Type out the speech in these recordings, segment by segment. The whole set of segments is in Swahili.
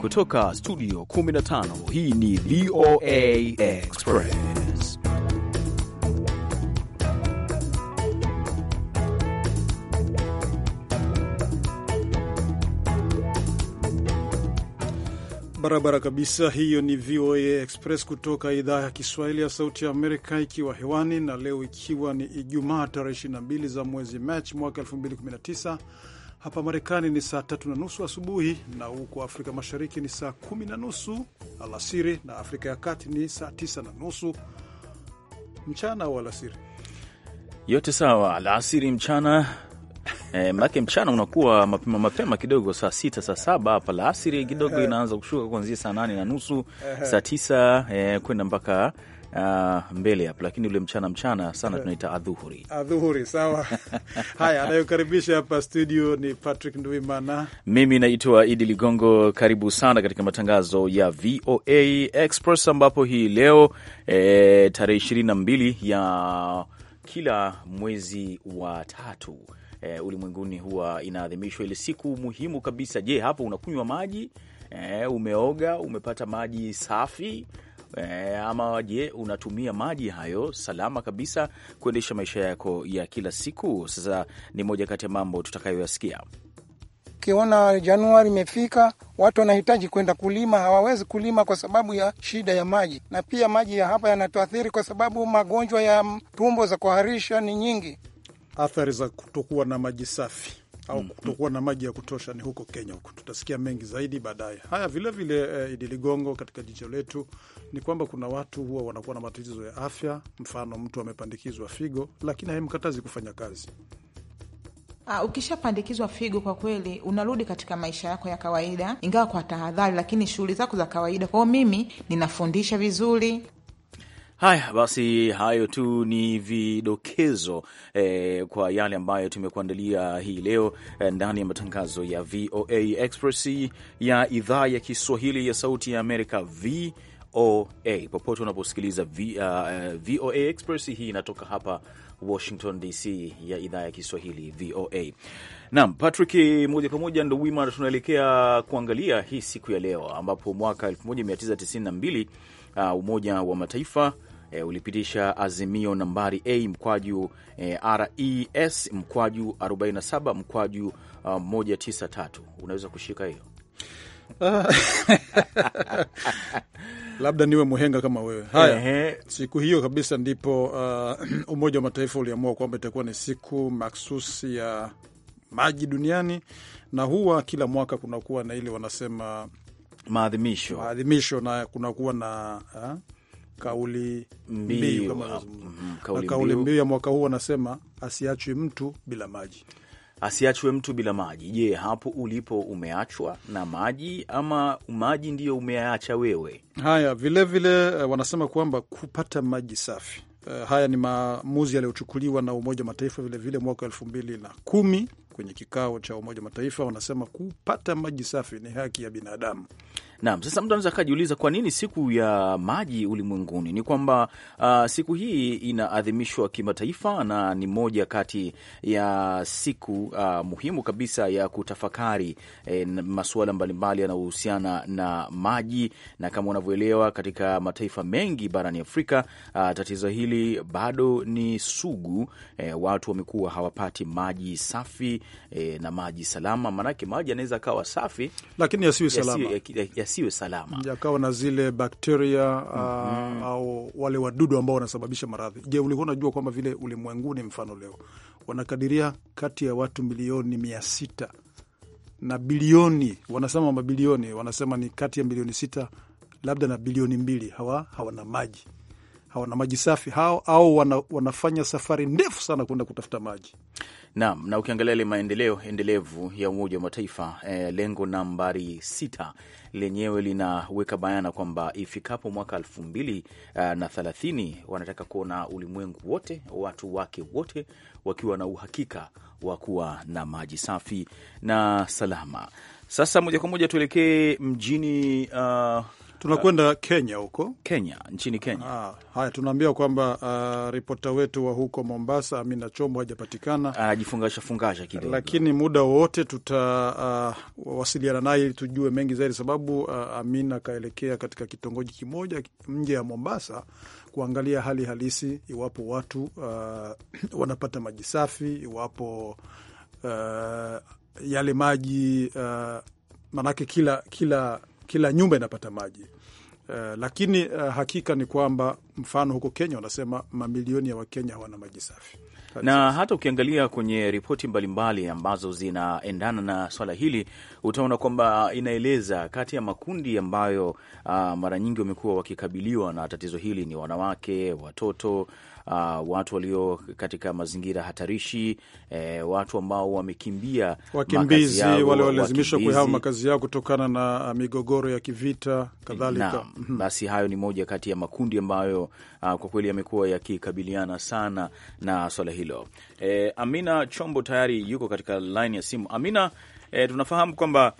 Kutoka studio 15 hii ni VOA Express. Barabara kabisa, hiyo ni VOA Express kutoka idhaa ya Kiswahili ya Sauti ya Amerika, ikiwa hewani na leo, ikiwa ni Ijumaa tarehe 22 za mwezi Machi mwaka 2019 hapa Marekani ni saa tatu na nusu asubuhi na huko Afrika Mashariki ni saa kumi na nusu alasiri, na Afrika ya Kati ni saa tisa na nusu mchana au alasiri. Yote sawa, alasiri, mchana E, manake mchana unakuwa mapema mapema kidogo, saa sita saa saba hapa la asiri kidogo eh. inaanza kushuka kuanzia saa nane na nusu eh. saa tisa e, kwenda mpaka uh, mbele hapo, lakini ule mchana mchana sana tunaita adhuhuri, adhuhuri. Sawa. Haya, anayokaribisha hapa studio ni Patrick Ndwimana, mimi naitwa Idi Ligongo. Karibu sana katika matangazo ya VOA Express ambapo hii leo e, tarehe ishirini na mbili ya kila mwezi wa tatu e, ulimwenguni huwa inaadhimishwa ile siku muhimu kabisa. Je, hapo unakunywa maji e, umeoga, umepata maji safi e, ama je, unatumia maji hayo salama kabisa kuendesha maisha yako ya kila siku? Sasa ni moja kati ya mambo tutakayoyasikia. Ukiona Januari imefika, watu wanahitaji kwenda kulima, hawawezi kulima kwa sababu ya shida ya maji, na pia maji ya hapa yanatuathiri kwa sababu magonjwa ya tumbo za kuharisha ni nyingi, athari za kutokuwa na maji safi au mm, mm. kutokuwa na maji ya kutosha ni huko Kenya huko. Tutasikia mengi zaidi baadaye. Haya, vilevile vile, eh, Idi Ligongo, katika jicho letu ni kwamba kuna watu huwa wanakuwa na matatizo ya afya, mfano mtu amepandikizwa figo lakini haimkatazi kufanya kazi. Uh, ukishapandikizwa figo kwa kweli unarudi katika maisha yako ya kawaida, ingawa kwa tahadhari, lakini shughuli zako za kawaida. Kwao mimi ninafundisha vizuri, Haya basi, hayo tu ni vidokezo eh, kwa yale ambayo tumekuandalia hii leo eh, ndani ya matangazo ya VOA Express ya idhaa ya Kiswahili ya Sauti ya Amerika VOA. Popote unaposikiliza uh, uh VOA Express hii inatoka hapa Washington DC ya idhaa ya Kiswahili VOA. Naam, Patrick, moja kwa moja ndo wima tunaelekea kuangalia hii siku ya leo ambapo mwaka 1992 uh, Umoja wa Mataifa e, ulipitisha azimio nambari A mkwaju eh, e, RES mkwaju 47 mkwaju 193. Ah, unaweza kushika hiyo labda niwe muhenga kama wewe. Haya, siku hiyo kabisa ndipo uh, Umoja wa Mataifa uliamua kwamba itakuwa ni siku maksusi ya maji duniani, na huwa kila mwaka kunakuwa na ile wanasema maadhimisho maadhimisho, na kunakuwa na uh, kauli mbiu ah, mm, na kauli mbiu ya mwaka huu wanasema asiachwe mtu bila maji asiachwe mtu bila maji. Je, hapo ulipo umeachwa na maji ama maji ndiyo umeacha wewe? Haya, vilevile vile, eh, wanasema kwamba kupata maji safi. Eh, haya ni maamuzi yaliyochukuliwa na Umoja wa Mataifa vilevile mwaka elfu mbili na kumi kwenye kikao cha Umoja wa Mataifa, wanasema kupata maji safi ni haki ya binadamu. Naam, sasa mtu anaweza akajiuliza kwa nini siku ya maji ulimwenguni? Ni kwamba uh, siku hii inaadhimishwa kimataifa na ni moja kati ya siku uh, muhimu kabisa ya kutafakari eh, masuala mbalimbali yanayohusiana na maji, na kama unavyoelewa katika mataifa mengi barani Afrika uh, tatizo hili bado ni sugu eh, watu wamekuwa hawapati maji safi eh, na maji salama, maanake maji yanaweza kawa safi lakini yasiwe salama yasiwe salama, yakawa na zile bakteria uh, mm -hmm. au wale wadudu ambao wanasababisha maradhi. Je, ulikuwa unajua kwamba vile ulimwenguni, mfano leo wanakadiria kati ya watu milioni mia sita na bilioni, wanasema mabilioni, wanasema ni kati ya milioni sita labda na bilioni mbili hawa hawana maji hawana maji safi hao, au wana, wanafanya safari ndefu sana kwenda kutafuta maji. Naam, na ukiangalia ile maendeleo endelevu ya Umoja wa Mataifa eh, lengo nambari sita lenyewe linaweka bayana kwamba ifikapo mwaka elfu mbili eh, na thelathini wanataka kuona ulimwengu wote watu wake wote wakiwa na uhakika wa kuwa na maji safi na salama. Sasa moja kwa moja tuelekee mjini uh, Tunakwenda Kenya huko Kenya, nchini Kenya. Ah, haya tunaambia kwamba uh, ripota wetu wa huko Mombasa Amina Chombo hajapatikana, anajifungasha fungasha kidogo, lakini muda wowote tutawasiliana ah, uh, naye ili tujue mengi zaidi, sababu uh, Amina akaelekea katika kitongoji kimoja nje ya Mombasa kuangalia hali halisi, iwapo watu uh, wanapata maji safi, iwapo uh, yale maji uh, manake kila kila kila nyumba inapata maji. Uh, lakini uh, hakika ni kwamba mfano huko Kenya wanasema mamilioni ya Wakenya hawana maji safi na hata ukiangalia kwenye ripoti mbalimbali ambazo zinaendana na swala hili utaona kwamba inaeleza kati ya makundi ambayo uh, mara nyingi wamekuwa wakikabiliwa na tatizo hili ni wanawake, watoto uh, watu walio katika mazingira hatarishi eh, watu ambao wamekimbia wakimbizi, wale walilazimishwa kuhama makazi yao kutokana na ah, migogoro ya kivita kadhalika. Mhm. Basi hayo ni moja kati ya makundi ambayo uh, kwa kweli yamekuwa yakikabiliana sana na swala hilo. Eh, Amina Chombo tayari yuko katika laini ya simu. Amina, eh, tunafahamu kwamba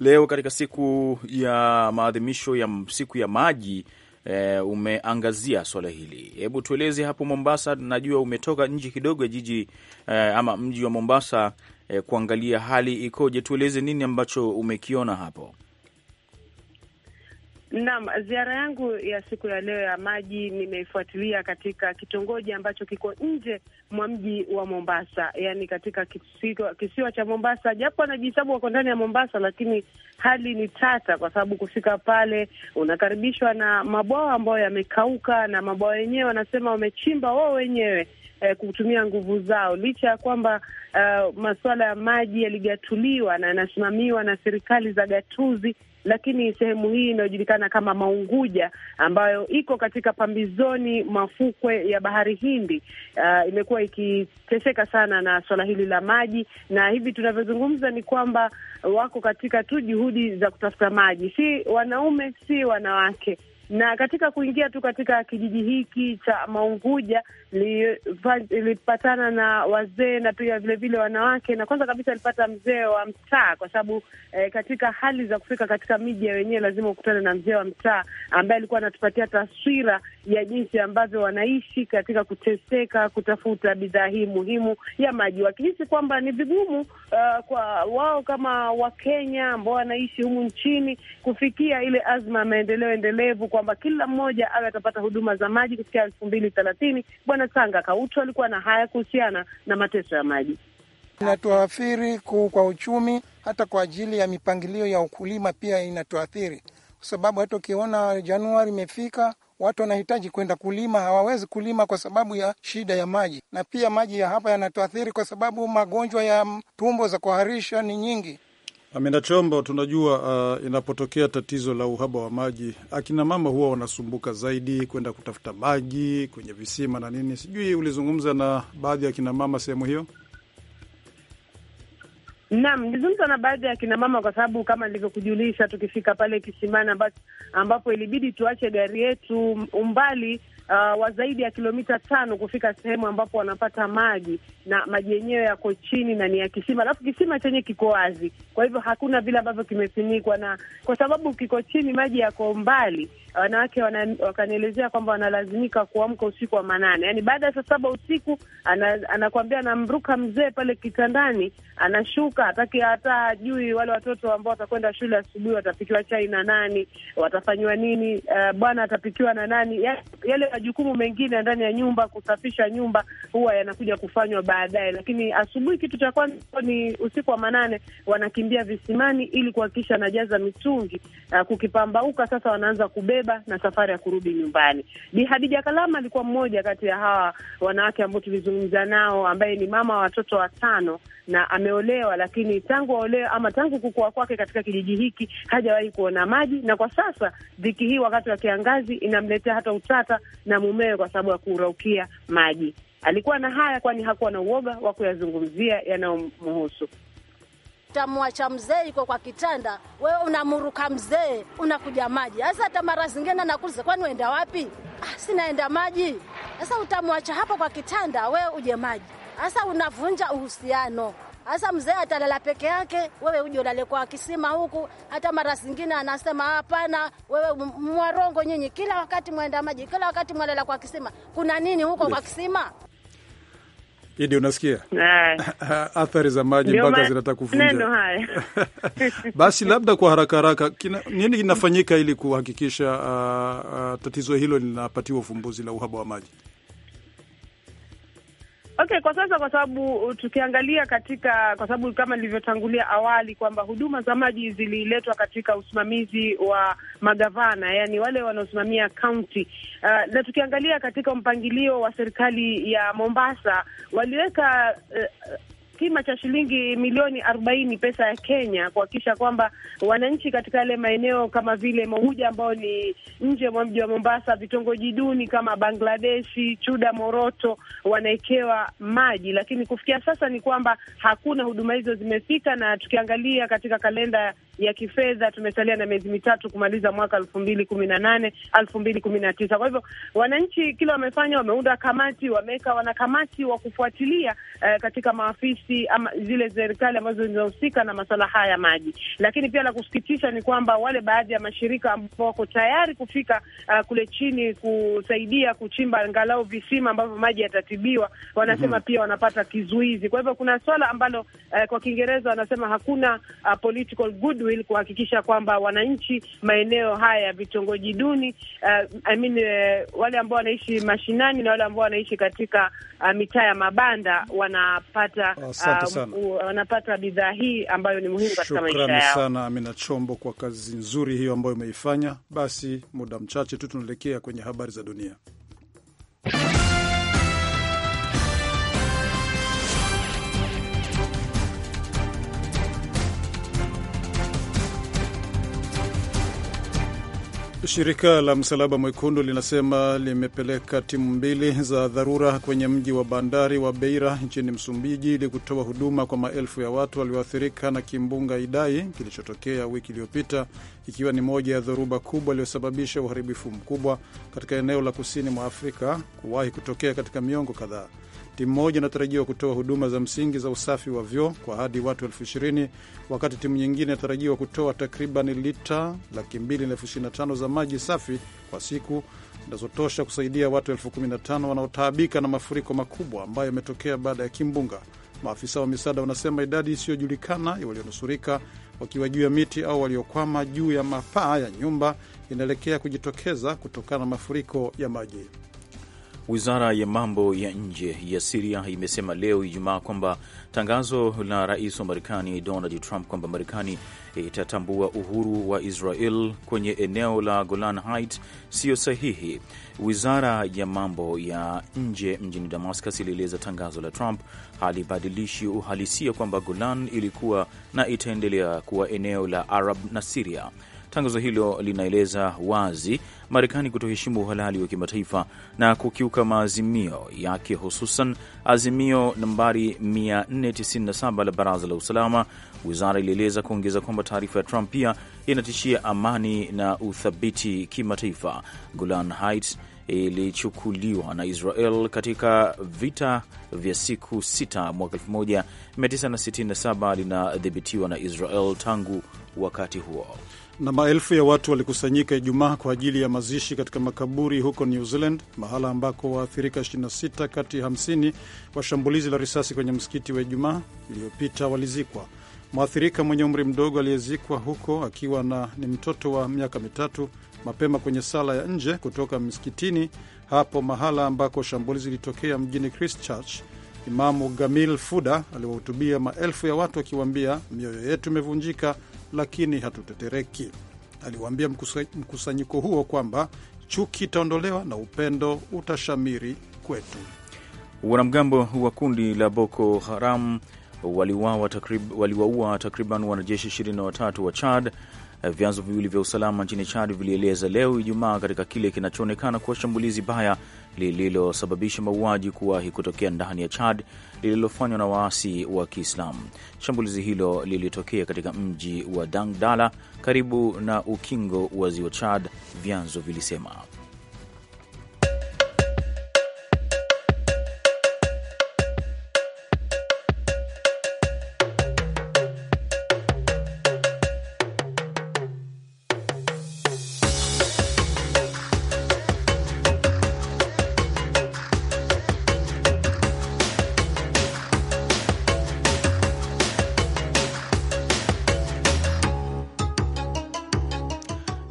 leo katika siku ya maadhimisho ya siku ya maji e, umeangazia swala hili. Hebu tueleze hapo Mombasa, najua umetoka nje kidogo ya jiji e, ama mji wa Mombasa e, kuangalia hali ikoje. Tueleze nini ambacho umekiona hapo. Naam, ziara yangu ya siku ya leo ya maji nimeifuatilia katika kitongoji ambacho kiko nje mwa mji wa Mombasa, yaani katika kisiwa, kisiwa cha Mombasa, japo anajihesabu wako ndani ya Mombasa, lakini hali ni tata, kwa sababu kufika pale unakaribishwa na mabwawa ambayo yamekauka, na mabwawa yenyewe wanasema wamechimba wao wenyewe eh, kutumia nguvu zao, licha ya kwamba uh, masuala ya maji yaligatuliwa na yanasimamiwa na serikali za gatuzi lakini sehemu hii inayojulikana kama Maunguja ambayo iko katika pambizoni mafukwe ya bahari Hindi uh, imekuwa ikiteseka sana na swala hili la maji, na hivi tunavyozungumza ni kwamba wako katika tu juhudi za kutafuta maji, si wanaume si wanawake na katika kuingia tu katika kijiji hiki cha Maunguja ilipatana na wazee na pia vilevile wanawake, na kwanza kabisa alipata mzee wa mtaa, kwa sababu eh, katika hali za kufika katika miji ya wenyewe lazima ukutane na mzee wa mtaa ambaye alikuwa anatupatia taswira ya jinsi ambavyo wanaishi katika kuteseka kutafuta bidhaa hii muhimu ya maji, wakihisi kwamba ni vigumu uh, kwa wao kama Wakenya ambao wanaishi humu nchini kufikia ile azma ya maendeleo endelevu kwamba kila mmoja awe atapata huduma za maji kufikia elfu mbili thelathini. Bwana Sanga Kautu alikuwa na haya kuhusiana na mateso ya maji. Inatuathiri kwa uchumi, hata kwa ajili ya mipangilio ya ukulima pia inatuathiri, kwa sababu hata ukiona Januari imefika watu wanahitaji kwenda kulima, hawawezi kulima kwa sababu ya shida ya maji. Na pia maji ya hapa yanatuathiri kwa sababu magonjwa ya tumbo za kuharisha ni nyingi. Amina Chombo, tunajua uh, inapotokea tatizo la uhaba wa maji, akina mama huwa wanasumbuka zaidi kwenda kutafuta maji kwenye visima na nini. Sijui ulizungumza na baadhi ya akina mama sehemu hiyo? Naam, nilizungumza na baadhi ya akina mama kwa sababu kama nilivyokujulisha, tukifika pale kisimani ambapo ilibidi tuache gari yetu umbali uh, wa zaidi ya kilomita tano kufika sehemu ambapo wanapata maji, na maji yenyewe yako chini na ni ya kisima, alafu kisima chenye kiko wazi, kwa hivyo hakuna vile ambavyo kimefinikwa, na kwa sababu kiko chini, maji yako mbali. Wanawake wana, wakanielezea kwamba wanalazimika kuamka usiku wa manane, yaani baada ya saa saba usiku ana, anakuambia anamruka mzee pale kitandani, anashuka, hataki hata hajui wale watoto ambao watakwenda shule asubuhi watapikiwa chai na nani, watafanyiwa nini, uh, bwana atapikiwa na nani, yale majukumu mengine ndani ya nyumba, kusafisha nyumba, huwa yanakuja kufanywa baadaye. Lakini asubuhi, kitu cha kwanza ni usiku wa manane, wanakimbia visimani ili kuhakikisha anajaza mitungi. Uh, kukipambauka sasa, wanaanza kubeba na safari ya kurudi nyumbani. Bi Hadija Kalama alikuwa mmoja kati ya hawa wanawake ambao tulizungumza nao, ambaye ni mama wa watoto watano na ameolewa, lakini tangu aolewe ama tangu kukua kwake katika kijiji hiki hajawahi kuona maji, na kwa sasa dhiki hii wakati wa kiangazi inamletea hata utata na mumewe kwa sababu ya kuraukia maji. Alikuwa na haya, kwani hakuwa na uoga wa kuyazungumzia yanayomhusu. Utamwacha mzee iko kwa kitanda, wewe unamuruka mzee, unakuja maji. Sasa hata mara zingine nakuuliza, kwani uenda wapi? Ah, sinaenda maji. Sasa utamwacha hapo kwa kitanda, wewe uje maji. Sasa unavunja uhusiano hasa mzee atalala peke yake, wewe uje ulale kwa kisima huku. Hata mara zingine anasema hapana, wewe mwarongo nyinyi, kila wakati mwenda maji, kila wakati mwalala kwa kisima. Kuna nini huko kwa kisima? Idi, unasikia athari za maji mpaka zinataka kuvunja. Basi labda kwa haraka haraka, kina, nini kinafanyika ili kuhakikisha uh, uh, tatizo hilo linapatiwa ufumbuzi la uhaba wa maji? Okay, kwa sasa kwa sababu uh, tukiangalia katika, kwa sababu kama nilivyotangulia awali kwamba huduma za maji zililetwa katika usimamizi wa magavana, yani wale wanaosimamia kaunti uh, na tukiangalia katika mpangilio wa serikali ya Mombasa waliweka uh, kima cha shilingi milioni arobaini pesa ya Kenya kuhakikisha kwamba wananchi katika yale maeneo kama vile Mohuja ambao ni nje mwa mji wa Mombasa, vitongoji duni kama Bangladeshi, Chuda, Moroto wanawekewa maji, lakini kufikia sasa ni kwamba hakuna huduma hizo zimefika, na tukiangalia katika kalenda ya kifedha tumesalia na miezi mitatu kumaliza mwaka elfu mbili kumi na nane elfu mbili kumi na tisa Kwa hivyo wananchi kila wamefanya, wameunda kamati, wameweka wanakamati wa kufuatilia eh, katika maafisa taasisi ama zile serikali ambazo zinahusika na masuala haya ya maji. Lakini pia la kusikitisha ni kwamba wale baadhi ya mashirika ambao wako tayari kufika uh, kule chini kusaidia kuchimba angalau visima ambavyo maji yatatibiwa, wanasema mm -hmm. pia wanapata kizuizi. Kwa hivyo kuna swala ambalo uh, kwa Kiingereza wanasema hakuna uh, political goodwill kuhakikisha kwamba wananchi maeneo haya ya vitongoji duni uh, I mean, uh, wale ambao wanaishi mashinani na wale ambao wanaishi katika uh, mitaa ya mabanda wanapata Ah, wanapata uh, bidhaa hii ambayo ni muhimu katika maisha yao. Shukrani sana Amina Chombo kwa kazi nzuri hiyo ambayo umeifanya. Basi muda mchache tu tunaelekea kwenye habari za dunia. Shirika la Msalaba Mwekundu linasema limepeleka timu mbili za dharura kwenye mji wa bandari wa Beira nchini Msumbiji ili kutoa huduma kwa maelfu ya watu walioathirika na kimbunga Idai kilichotokea wiki iliyopita, ikiwa ni moja ya dhoruba kubwa iliyosababisha uharibifu mkubwa katika eneo la kusini mwa Afrika kuwahi kutokea katika miongo kadhaa. Timu moja inatarajiwa kutoa huduma za msingi za usafi wa vyoo kwa hadi watu elfu ishirini wakati timu nyingine inatarajiwa kutoa takriban lita laki mbili na elfu ishirini na tano za maji safi kwa siku zinazotosha kusaidia watu elfu kumi na tano wanaotaabika na mafuriko makubwa ambayo yametokea baada ya kimbunga. Maafisa wa misaada wanasema idadi isiyojulikana walionusurika wakiwa juu ya miti au waliokwama juu ya mapaa ya nyumba inaelekea kujitokeza kutokana na mafuriko ya maji. Wizara ya mambo ya nje ya Siria imesema leo Ijumaa kwamba tangazo la rais wa Marekani Donald Trump kwamba Marekani itatambua uhuru wa Israel kwenye eneo la Golan Heights siyo sahihi. Wizara ya mambo ya nje mjini Damascus ilieleza tangazo la Trump halibadilishi uhalisia kwamba Golan ilikuwa na itaendelea kuwa eneo la Arab na Siria. Tangazo hilo linaeleza wazi Marekani kutoheshimu uhalali wa kimataifa na kukiuka maazimio yake, hususan azimio nambari 497 la Baraza la Usalama. Wizara ilieleza kuongeza kwamba taarifa ya Trump pia inatishia amani na uthabiti kimataifa. Golan Heights ilichukuliwa na Israel katika vita vya siku sita mwaka 1967, linadhibitiwa na Israel tangu wakati huo. Na maelfu ya watu walikusanyika Ijumaa kwa ajili ya mazishi katika makaburi huko New Zealand, mahala ambako waathirika 26 kati ya 50 wa shambulizi la risasi kwenye msikiti wa Ijumaa iliyopita walizikwa. Mwathirika mwenye umri mdogo aliyezikwa huko akiwa na ni mtoto wa miaka mitatu mapema kwenye sala ya nje kutoka msikitini hapo, mahala ambako shambulizi lilitokea mjini Christchurch. Imamu Gamil Fuda aliwahutubia maelfu ya watu akiwaambia, mioyo yetu imevunjika lakini hatutetereki. Aliwaambia mkusanyiko huo kwamba chuki itaondolewa na upendo utashamiri kwetu. Wanamgambo wa kundi la Boko Haram waliwaua takriban wanajeshi 23 wa Chad Eh, vyanzo viwili vya usalama nchini Chad vilieleza leo Ijumaa katika kile kinachoonekana kuwa shambulizi baya lililosababisha mauaji kuwahi kutokea ndani ya Chad lililofanywa na waasi wa Kiislamu. Shambulizi hilo lilitokea katika mji wa Dangdala karibu na ukingo wa ziwa Chad, vyanzo vilisema.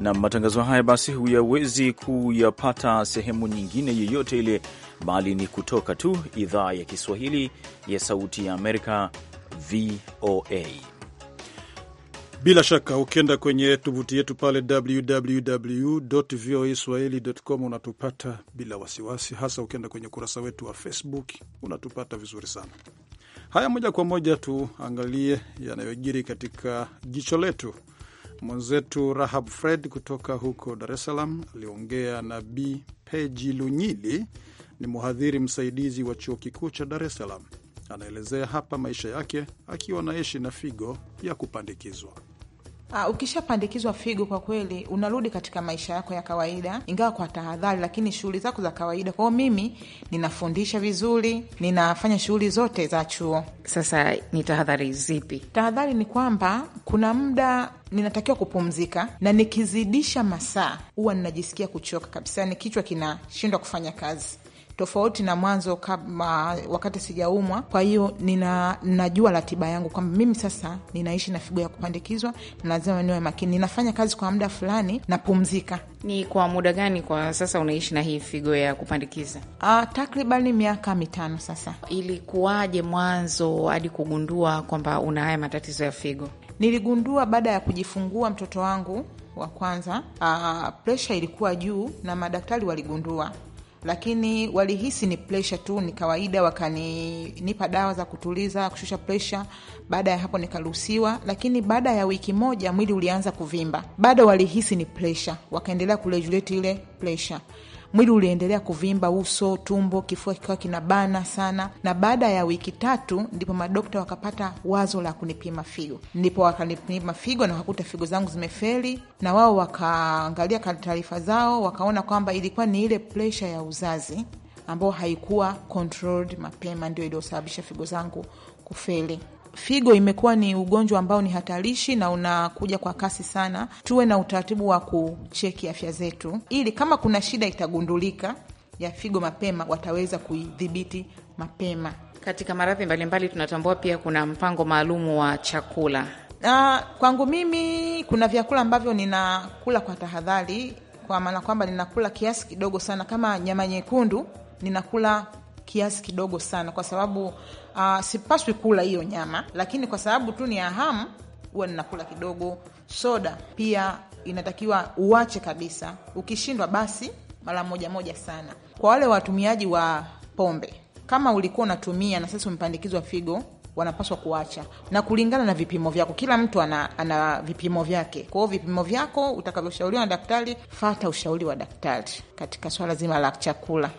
na matangazo haya basi huyawezi kuyapata sehemu nyingine yoyote ile, bali ni kutoka tu idhaa ya Kiswahili ya Sauti ya Amerika, VOA. Bila shaka ukienda kwenye tovuti yetu pale www voa swahili com unatupata bila wasiwasi, hasa ukienda kwenye ukurasa wetu wa Facebook unatupata vizuri sana. Haya, moja kwa moja tuangalie yanayojiri katika jicho letu. Mwenzetu Rahab Fred kutoka huko Dar es Salaam aliongea na b Peji Lunyili, ni mhadhiri msaidizi wa chuo kikuu cha Dar es Salaam. Anaelezea hapa maisha yake akiwa naishi na figo ya kupandikizwa. Uh, ukishapandikizwa figo kwa kweli unarudi katika maisha yako ya kawaida, ingawa kwa tahadhari, lakini shughuli zako za kawaida. Kwao mimi ninafundisha vizuri, ninafanya shughuli zote za chuo. Sasa ni tahadhari zipi? Tahadhari ni kwamba kuna muda ninatakiwa kupumzika, na nikizidisha masaa huwa ninajisikia kuchoka kabisa, ni kichwa kinashindwa kufanya kazi tofauti na mwanzo kama wakati sijaumwa. Kwa hiyo nina, najua ratiba yangu kwamba mimi sasa ninaishi na figo ya kupandikizwa, lazima niwe makini. Ninafanya kazi kwa muda fulani, napumzika. Ni kwa muda gani kwa sasa unaishi na hii figo ya kupandikiza? Uh, takribani miaka mitano sasa. Ilikuwaje mwanzo hadi kugundua kwamba una haya matatizo ya figo? Niligundua baada ya kujifungua mtoto wangu wa kwanza. uh, presha ilikuwa juu na madaktari waligundua lakini walihisi ni presha tu, ni kawaida, wakanipa dawa za kutuliza, kushusha presha. Baada ya hapo nikaruhusiwa, lakini baada ya wiki moja mwili ulianza kuvimba, bado walihisi ni presha, wakaendelea kurejuleti ile presha mwili uliendelea kuvimba, uso, tumbo, kifua kikiwa kinabana sana. Na baada ya wiki tatu ndipo madokta wakapata wazo la kunipima figo, ndipo wakanipima figo na wakakuta figo zangu zimefeli, na wao wakaangalia taarifa zao wakaona kwamba ilikuwa ni ile presha ya uzazi ambayo haikuwa controlled mapema, ndio iliyosababisha figo zangu kufeli figo imekuwa ni ugonjwa ambao ni hatarishi na unakuja kwa kasi sana. Tuwe na utaratibu wa kucheki afya zetu, ili kama kuna shida itagundulika ya figo mapema, wataweza kuidhibiti mapema. Katika maradhi mbalimbali tunatambua pia kuna mpango maalum wa chakula. Uh, kwangu mimi kuna vyakula ambavyo ninakula kwa tahadhari, kwa maana kwamba ninakula kiasi kidogo sana. Kama nyama nyekundu ninakula kiasi kidogo sana, kwa sababu uh, sipaswi kula hiyo nyama, lakini kwa sababu tu ni ahamu huwa ninakula kidogo. Soda pia inatakiwa uwache kabisa, ukishindwa basi mara moja moja sana. Kwa wale watumiaji wa pombe, kama ulikuwa unatumia na sasa umepandikizwa figo wanapaswa kuacha na kulingana na vipimo vyako. Kila mtu ana, ana vipimo vyake. Kwa hiyo vipimo vyako utakavyoshauriwa na daktari, fata ushauri wa daktari katika swala zima la chakula.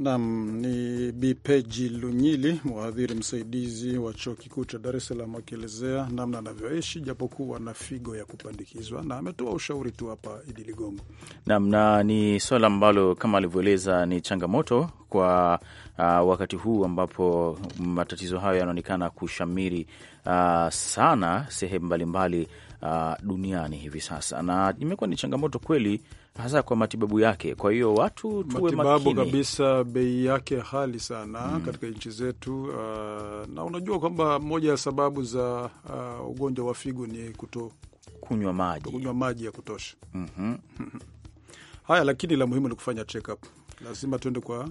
Nam ni Bipeji Lunyili, mhadhiri msaidizi wa chuo kikuu cha Dar es Salaam, akielezea namna anavyoishi japokuwa na figo ya kupandikizwa, na ametoa ushauri tu hapa, Idi Ligongo. Nam, na ni swala ambalo kama alivyoeleza ni changamoto kwa uh, wakati huu ambapo matatizo hayo yanaonekana kushamiri uh, sana sehemu mbalimbali uh, duniani hivi sasa, na imekuwa ni changamoto kweli hasa kwa matibabu yake. Kwa hiyo watu tuwe matibabu kabisa, bei yake hali sana mm, katika nchi zetu uh, na unajua kwamba moja ya sababu za uh, ugonjwa wa figo ni kuto kunywa maji, kunywa maji ya kutosha mm -hmm. Haya, lakini la muhimu ni kufanya check up, lazima tuende kwa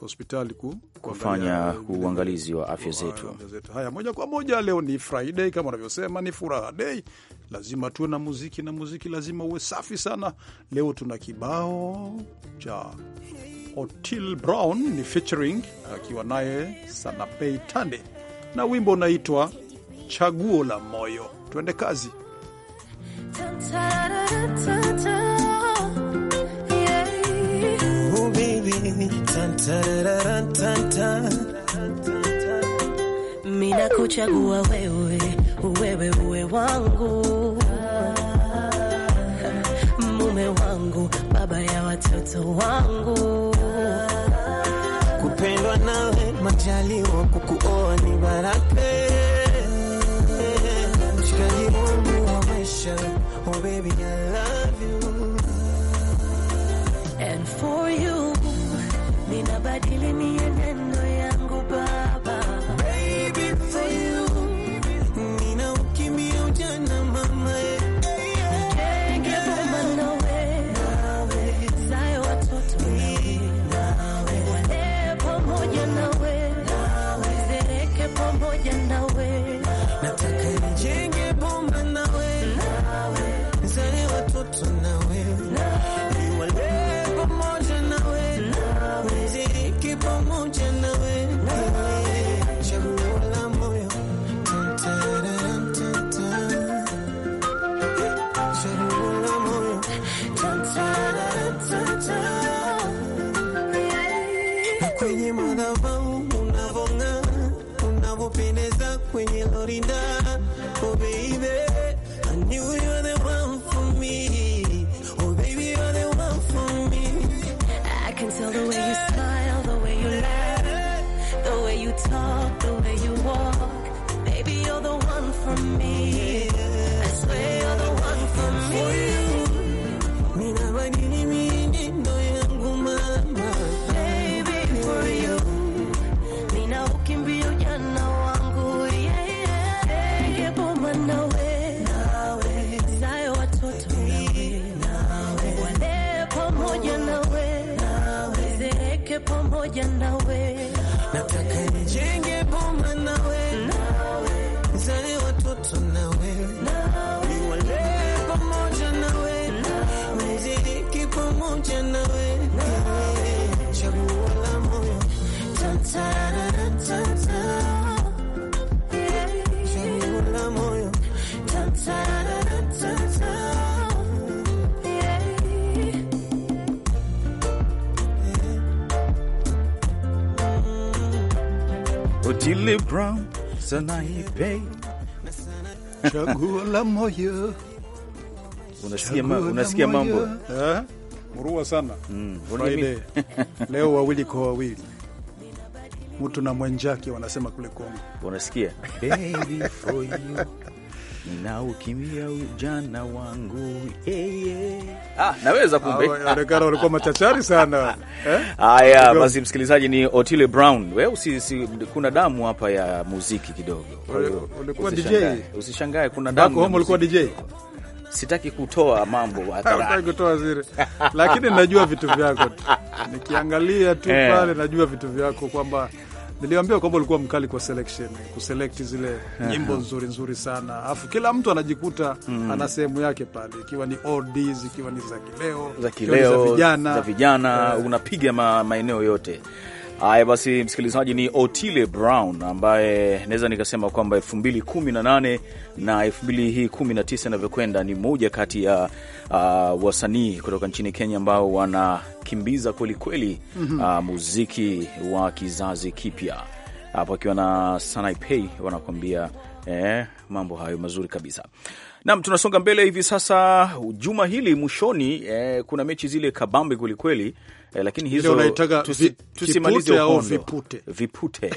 hospitali ku kufanya eh, uangalizi wa afya zetu. Haya, moja kwa moja, leo ni Friday kama unavyosema, ni furaha dei, lazima tuwe na muziki na muziki lazima uwe safi sana. Leo tuna kibao cha Otil Brown ni featuring akiwa naye Sanapei Tande na wimbo unaitwa Chaguo la Moyo. Tuende kazi. mimi minakuchagua wewe, wewe uwe wangu, mume wangu, baba ya watoto wangu, kupendwa nawe, majaliwa kukuoa ni baraka Oh, baby, I love you. And for you. me, and unavopendeza kwenye lorinda. Oh baby, I knew you the one for me. Oh baby, you're the one for me. I can tell the way you smile, the way you laugh, the way you talk, the way you walk. Baby, you're the one for me. Otile Brown Sanaipe, chagua la moyo. Unasikia unasikia mambo murua sana mm. Friday leo wawili kwa wawili mtu na mwenjake wanasema kule Kongo, unasikia baby for you na ukimia ujana wangu yeye. Ah, ah naweza kumbe ah, onekana walikuwa machachari sana eh? haya eh? Basi msikilizaji, ni Otile Brown we usi, si, kuna damu hapa ya muziki kidogo, eh, ulikuwa DJ, usishangae kuna damu, ulikuwa DJ sitaki kutoa mambo hadharani kutoa zile, lakini najua vitu vyako tu, nikiangalia tu eh. pale najua vitu vyako kwamba niliambia kwamba ulikuwa mkali kwa selection, kuselect zile eh, nyimbo eh. nzuri nzuri sana, alafu kila mtu anajikuta mm. ana sehemu yake pale, ikiwa ni oldies, ikiwa ni za kileo za kileo, za vijana, za vijana yeah. unapiga ma, maeneo yote Haya basi, msikilizaji, ni Otile Brown ambaye naweza nikasema kwamba 2018 na 2019 inavyokwenda ni moja kati ya uh, wasanii kutoka nchini Kenya ambao wanakimbiza kwelikweli mm -hmm. uh, ah, muziki wa kizazi kipya hapo akiwa na Sanaipei wanakuambia eh, mambo hayo mazuri kabisa. Nam, tunasonga mbele hivi sasa. Juma hili mwishoni, eh, kuna mechi zile kabambe kwelikweli, eh, lakini hizo tusi, tusimalize vipute, vipute.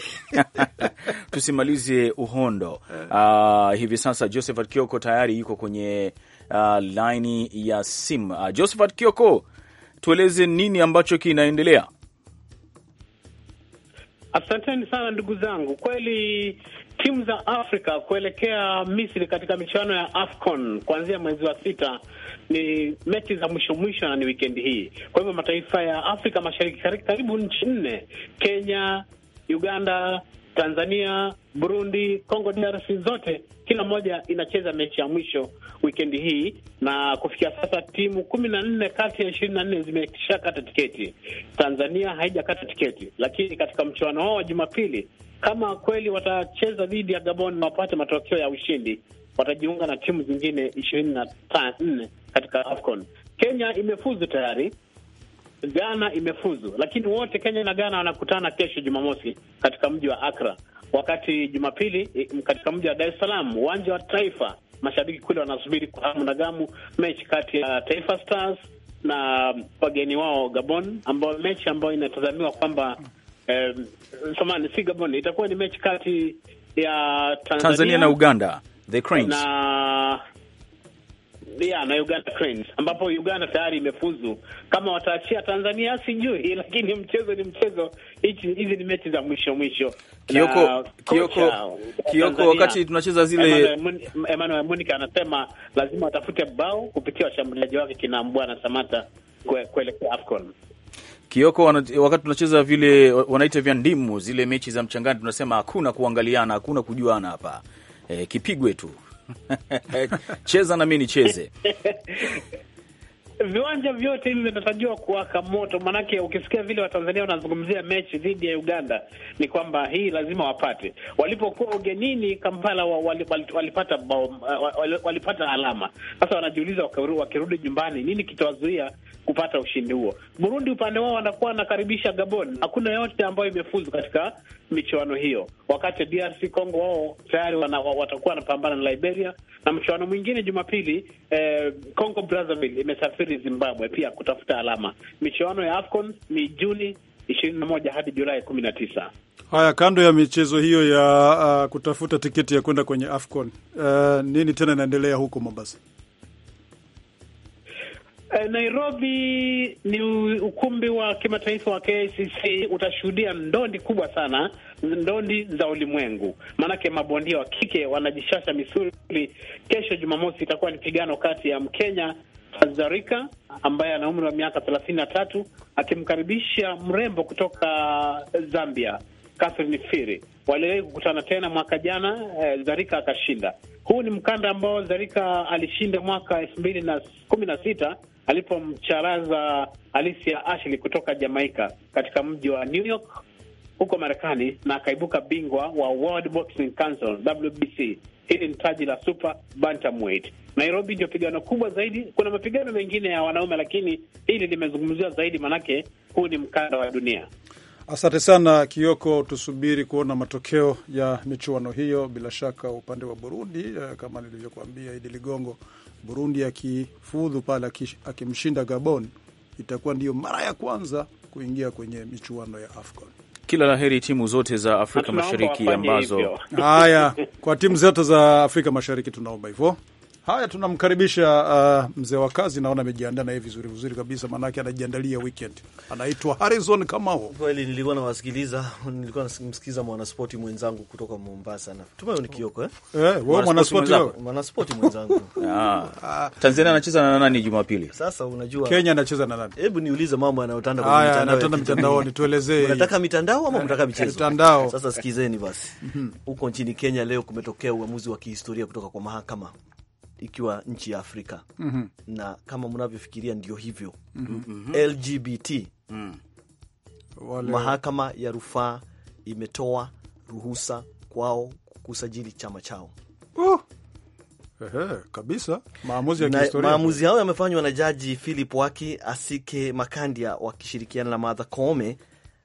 tusimalize uhondo uh, hivi sasa Josephat Kioko tayari yuko kwenye uh, laini ya simu uh, Josephat Kioko, tueleze nini ambacho kinaendelea? Asanteni sana ndugu zangu, kweli timu za Afrika kuelekea Misri katika michuano ya AFCON kuanzia mwezi wa sita. Ni mechi za mwisho mwisho na ni wikendi hii. Kwa hivyo mataifa ya Afrika Mashariki karibu nchi nne, Kenya, Uganda, Tanzania, Burundi, Congo DRC, zote kila moja inacheza mechi ya mwisho wikendi hii, na kufikia sasa timu kumi na nne kati ya ishirini na nne zimeshakata tiketi. Tanzania haijakata tiketi, lakini katika mchuano wao wa Jumapili, kama kweli watacheza dhidi ya Gabon na wapate matokeo ya ushindi, watajiunga na timu zingine ishirini na nne katika AFCON. Kenya imefuzu tayari Ghana imefuzu, lakini wote Kenya na Ghana wanakutana kesho Jumamosi katika mji wa Accra, wakati Jumapili eh, katika mji wa Dar es Salaam, uwanja wa Taifa, mashabiki kule wanasubiri kwa hamu na gamu mechi kati ya Taifa Stars na wageni wao Gabon, ambao mechi ambayo inatazamiwa kwamba eh, samani si Gabon, itakuwa ni mechi kati ya Tanzania, Tanzania na Uganda the Cranes na yeah, na Uganda Cranes, ambapo Uganda tayari imefuzu. Kama wataachia Tanzania sijui, lakini mchezo ni mchezo. Hizi ni mechi za mwisho mwisho. Kioko, Kioko, Kioko, wakati tunacheza zile, Emmanuel Munika anasema lazima watafute bao kupitia washambuliaji wake kina Mbwana Samata kuelekea AFCON. Kioko, wakati tunacheza vile wanaita vya ndimu, zile mechi za mchangani, tunasema hakuna kuangaliana, hakuna kujuana hapa, e, kipigwe tu Eh, cheza na mi nicheze. Viwanja vyote hivi vinatarajiwa kuwaka moto, maanake ukisikia vile Watanzania wanazungumzia mechi dhidi ya Uganda ni kwamba hii lazima wapate. Walipokuwa ugenini Kampala wa, walipata wali, walipata alama. Sasa wanajiuliza wakirudi nyumbani, nini kitawazuia kupata ushindi huo? Burundi upande wao wanakuwa wanakaribisha Gabon, hakuna yote ambayo imefuzu katika michuano hiyo, wakati DRC Congo wao tayari watakuwa wanapambana na Liberia na mchuano mwingine Jumapili eh, Congo Brazzaville imesafiri Zimbabwe pia kutafuta alama. Michuano ya AFCON ni Juni ishirini na moja hadi Julai kumi na tisa. Haya, kando ya michezo hiyo ya uh, kutafuta tiketi ya kwenda kwenye AFCON, uh, nini tena inaendelea huko Mombasa? Eh, Nairobi ni ukumbi wa kimataifa wa KICC. Utashuhudia ndondi kubwa sana, ndondi za ulimwengu, maanake mabondia wa kike wanajishasha misuli. Kesho Jumamosi itakuwa ni pigano kati ya Mkenya Fazarika ambaye ana umri wa miaka thelathini na tatu akimkaribisha mrembo kutoka Zambia Catherine Firi. Waliwahi kukutana tena mwaka jana eh, Zarika akashinda. Huu ni mkanda ambao Zarika alishinda mwaka elfu mbili na kumi na sita alipomcharaza Alicia Ashley kutoka Jamaika katika mji wa New York huko Marekani, na akaibuka bingwa wa World Boxing Council WBC. Hili ni taji la super bantamweight. Nairobi ndio pigano kubwa zaidi. Kuna mapigano mengine ya wanaume, lakini hili limezungumziwa zaidi, manake huu ni mkanda wa dunia. Asante sana Kioko, tusubiri kuona matokeo ya michuano hiyo. Bila shaka upande wa Burundi, eh, kama nilivyokuambia, Idi Ligongo Burundi akifudhu pale akimshinda Gabon itakuwa ndiyo mara ya kwanza kuingia kwenye michuano ya AFCON. Kila la heri timu zote za Afrika Mashariki ambazo haya kwa timu zote za Afrika Mashariki tunaomba hivyo. Haya, tunamkaribisha uh, mzee wa kazi, naona amejiandaa naye vizuri vizuri kabisa, maanake anajiandalia weekend. Anaitwa Harrison Kamau. Kweli nilikuwa nawasikiliza, nilikuwa namsikiliza mwanaspoti mwenzangu kutoka Mombasa na Tumaini Kioko eh, eh wewe mwanaspoti wewe, mwanaspoti mwenzangu ah. Tanzania anacheza na nani Jumapili? Sasa unajua Kenya anacheza na nani? Hebu niulize mambo yanayotanda kwa mitandao, yanayotanda mitandaoni, tuelezee. Unataka mitandao ama unataka eh, michezo? Mitandao. Sasa sikizeni basi, mhm. huko nchini Kenya leo kumetokea uamuzi wa kihistoria kutoka kwa mahakama ikiwa nchi ya Afrika mm -hmm. na kama mnavyofikiria ndio hivyo mm -hmm. LGBT mm. Wale... mahakama ya rufaa imetoa ruhusa kwao kusajili chama chao uh. Ehe, kabisa. Maamuzi ya kihistoria. Maamuzi hayo yamefanywa na Jaji Philip Waki Asike Makandia wakishirikiana na Martha Koome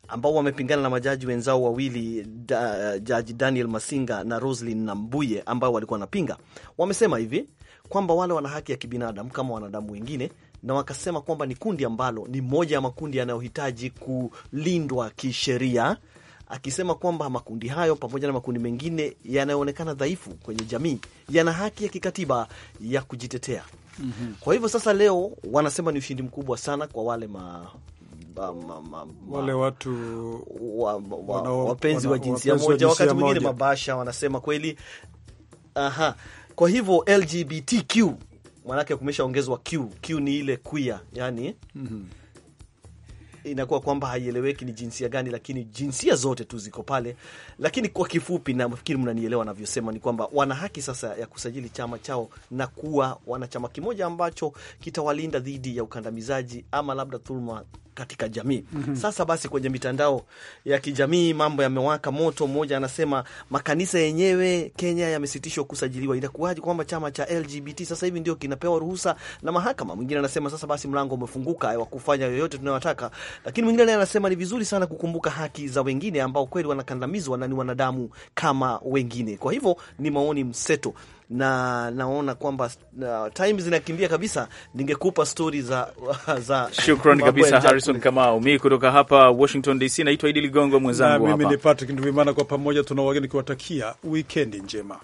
ambao wamepingana na majaji wenzao wawili da, Jaji Daniel Masinga na roslin Nambuye ambao walikuwa wanapinga. Wamesema hivi, kwamba wale wana haki ya kibinadamu kama wanadamu wengine, na wakasema kwamba ni kundi ambalo ni moja ya makundi yanayohitaji kulindwa kisheria, akisema kwamba makundi hayo pamoja na makundi mengine yanayoonekana dhaifu kwenye jamii yana haki ya kikatiba ya kujitetea. mm -hmm. Kwa hivyo sasa leo wanasema ni ushindi mkubwa sana kwa wale ma Ma, ma, ma, wale watu wa, wa, wa, wana, wapenzi wana, wa jinsia moja, wakati mwingine mabasha wanasema kweli. Aha. Kwa hivyo LGBTQ maanake kumeshaongezwa Q. Q ni ile queer, yani mm -hmm inakuwa kwamba haieleweki ni jinsia gani, lakini jinsia zote tu ziko pale. Lakini kwa kifupi, nafikiri mnanielewa anavyosema, ni kwamba wana haki sasa ya kusajili chama chao na kuwa wanachama kimoja ambacho kitawalinda dhidi ya ukandamizaji ama labda dhuluma katika jamii mm -hmm. Sasa basi, kwenye mitandao ya kijamii mambo yamewaka moto. Mmoja anasema makanisa yenyewe Kenya yamesitishwa kusajiliwa, inakuwaje kwamba chama cha LGBT sasa hivi ndio kinapewa ruhusa na mahakama? Mwingine anasema sasa basi, mlango umefunguka wa kufanya yoyote tunayotaka. Lakini mwingine naye anasema ni vizuri sana kukumbuka haki za wengine ambao kweli wanakandamizwa na ni wanadamu kama wengine. Kwa hivyo ni maoni mseto na naona kwamba uh, time zinakimbia kabisa. Ningekupa stori za, za shukran kabisa Harrison Kamau. Mi kutoka hapa Washington DC naitwa Idi Ligongo, mwenzangu mimi ni Patrick Ndumimana, Kwa pamoja tuna wageni kiwatakia wikendi njema.